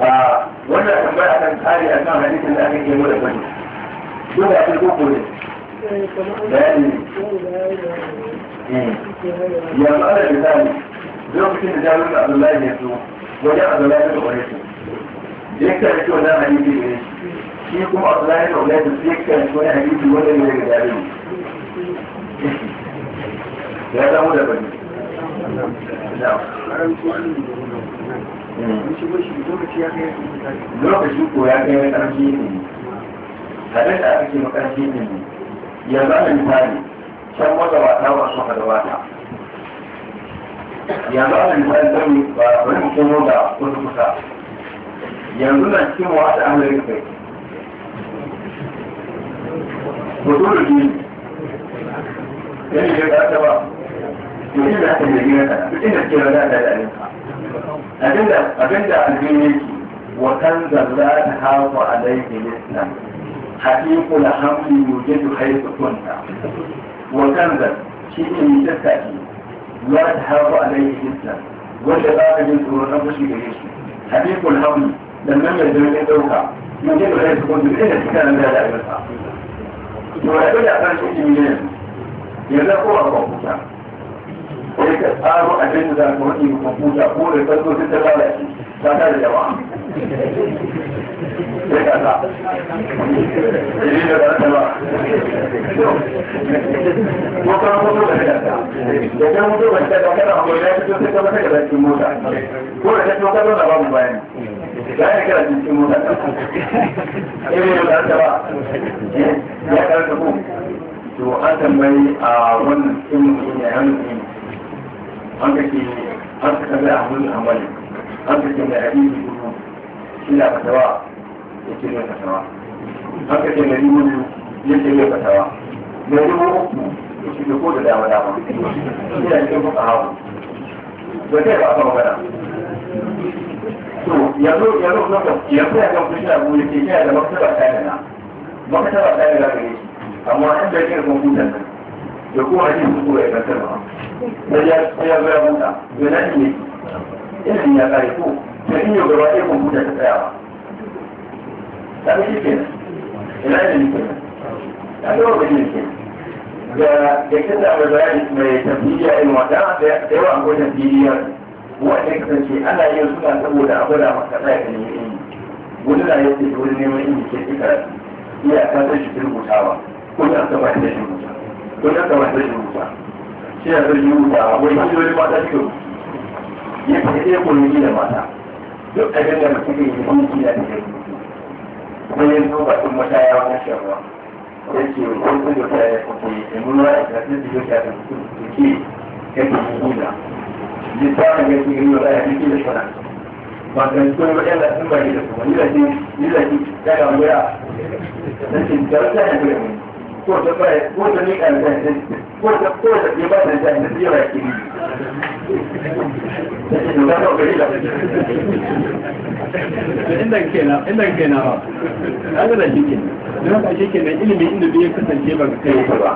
wannan tambaya kan tsari a kan hadisin da aka ke mu mura kwani dole a cikin kore bayani eh. yanzu ana misali lokacin da jami'in abdullahi ya so wajen abdullahi da kwarai su da ya kare shi wannan hadisi ne shi kuma abdullahi da kwarai su ya kare shi wani hadisi wanda ne daga jami'in ya samu da bane lokaci ko ya kai makarfi ne kaɗan da ake makarfi ne yanzu ana misali can wata wata wa suka da wata yanzu ana misali zami ba wani mutum wanda wani kusa yanzu na cikin wata amurka kai mutum da biyu yanzu ya ba ta ba mutum da aka jirgin da ta duk inda ke rana da da alinka abinda abinda aljin yake wa kanzar la ta hafu alaihi lisna haqiqu la hamli yujadu haythu kunta wa kanzar shi ne mai tattaki la ta hafu alaihi lisna wanda ba ka jin tsoron rabu shi gare shi haqiqu la hamli dan nan mai jirgin dauka yujadu haythu kunta ina cikin da da albarka to da abinda kan shi ne yanzu ko a kwamfuta a abin da kuma ka kwamfuta ko da tsaro ta lalace ta da jama'a sai ka ya ili da ba ta ba ta kan mutu da ta da kan mutu da ta da ta ba, ya ta ta ka mata da ta mota ko da ta to ka zauna ta ba, ya ya ta ta mota ili da ta ba ya ba ta to ta tambayi a wannan ta ba, ya ta an kake an ka kaga a wani amali an kake mai hadisi dubu shi na fatawa ya ce mai fatawa an kake mai dubu ya ce mai fatawa mai dubu uku ya ce ko da dama dama shi na ce kuka hawa ba zai ba aka magana to yanzu yanzu na ko yanzu ya ga kusa abu ya ce yana da maktaba ta yana maktaba ta yana gare shi amma an da ke da kwamfutar nan da kuma ake su ya kasar ba sai ya sai ya zai buta da na ne ilimin ya kare ko da in yau gaba ɗaya kwamfuta ta tsaya ba ta fi shi kenan ina ilimin kenan ta fi wata ilimin kenan da da kasa da yi mai tafiya irin wata da yawa akwai tafiya wanda kasance ana yin suna saboda a gwada maka tsaya da neman ilimi wani na ce yadda wani neman ilimi ke tsika iya kasar shi rubuta ba ko ya saba da shi rubuta don haka ba zai rubuta shi ya zai rubuta wai hanyoyin mata shi ya fi ɗaya kulmi da mata duk abin da mutum ke yi hanki da ke sai ya zo ba sun wata ya wani shawa ya ce ko sun da ta ya kuke da nuna a kasar da yau ta da ke ya ke yi gina ya ta ka ga ke yi wa ya fi da shana ba kan sun ba yana sun ba ne da kuma ni da ke yi da ke ya ga wuya na ce da wata ya da ko da bai ko da ni kan da ko da ko da ke ba da da ni ya ki ni da ko da ni inda kenan inda kenan ba kaga da shi kenan don haka shi kenan ilimi inda bai kasance ba kai ba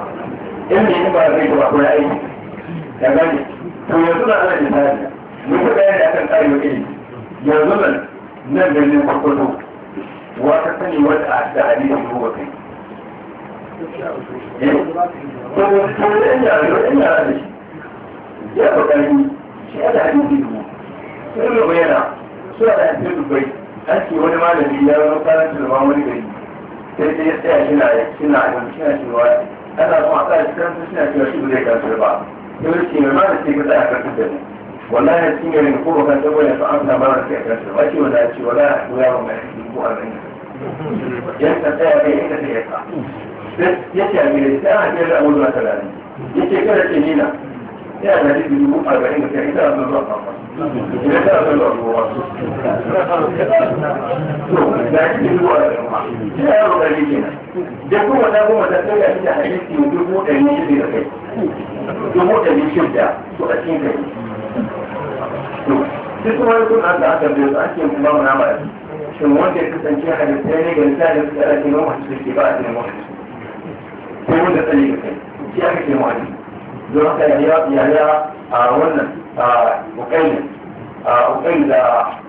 ilimi ba zai ba ko aiki da gani to yanzu da ana misali mun ga yana kan kai ilimi yanzu nan nan ganin kwakwato wata sani wata da hadisi ko kai ya kokari shi ya da hadisi ne sun rubu yana su da hadisi dubai an ce wani malami ya zama karanci da mamuri gari sai sai ya tsaya shi na shi na abin shi na cewa ana kuma a tsaya cikin su shi na cewa shi ba zai karanci ba sai wani ce mai malami sai ka tsaya karanci da ni wallahi ya cinye ne ko bakan tabo ya fa amsa mara sai karanci ba ce wanda ya ce wallahi ya koya wa mai hadisi ko a nan ya tsaya kai inda sai ya ka yake a gida sai ana kira da abu zuwa talatin yake kada ce nina yana da jiki dubu arba'in da kai ita zuwa kafa ita ta zuwa kowa to da jiki dubu arba'in ma ina yaro da jiki na da kuma na goma ta tsaya ita hadisi dubu ɗari shida da kai dubu ɗari shida to a cikin kai duk wani kun an da aka biyo su ake kuma mana ba shin wanda ya kasance hadisai ne ga misali su tsara ke noma su ke ba a cikin wani ko wanda tsaye ga kai shi aka ce mu'alli don haka yaya a wannan a ukaini a ukaini da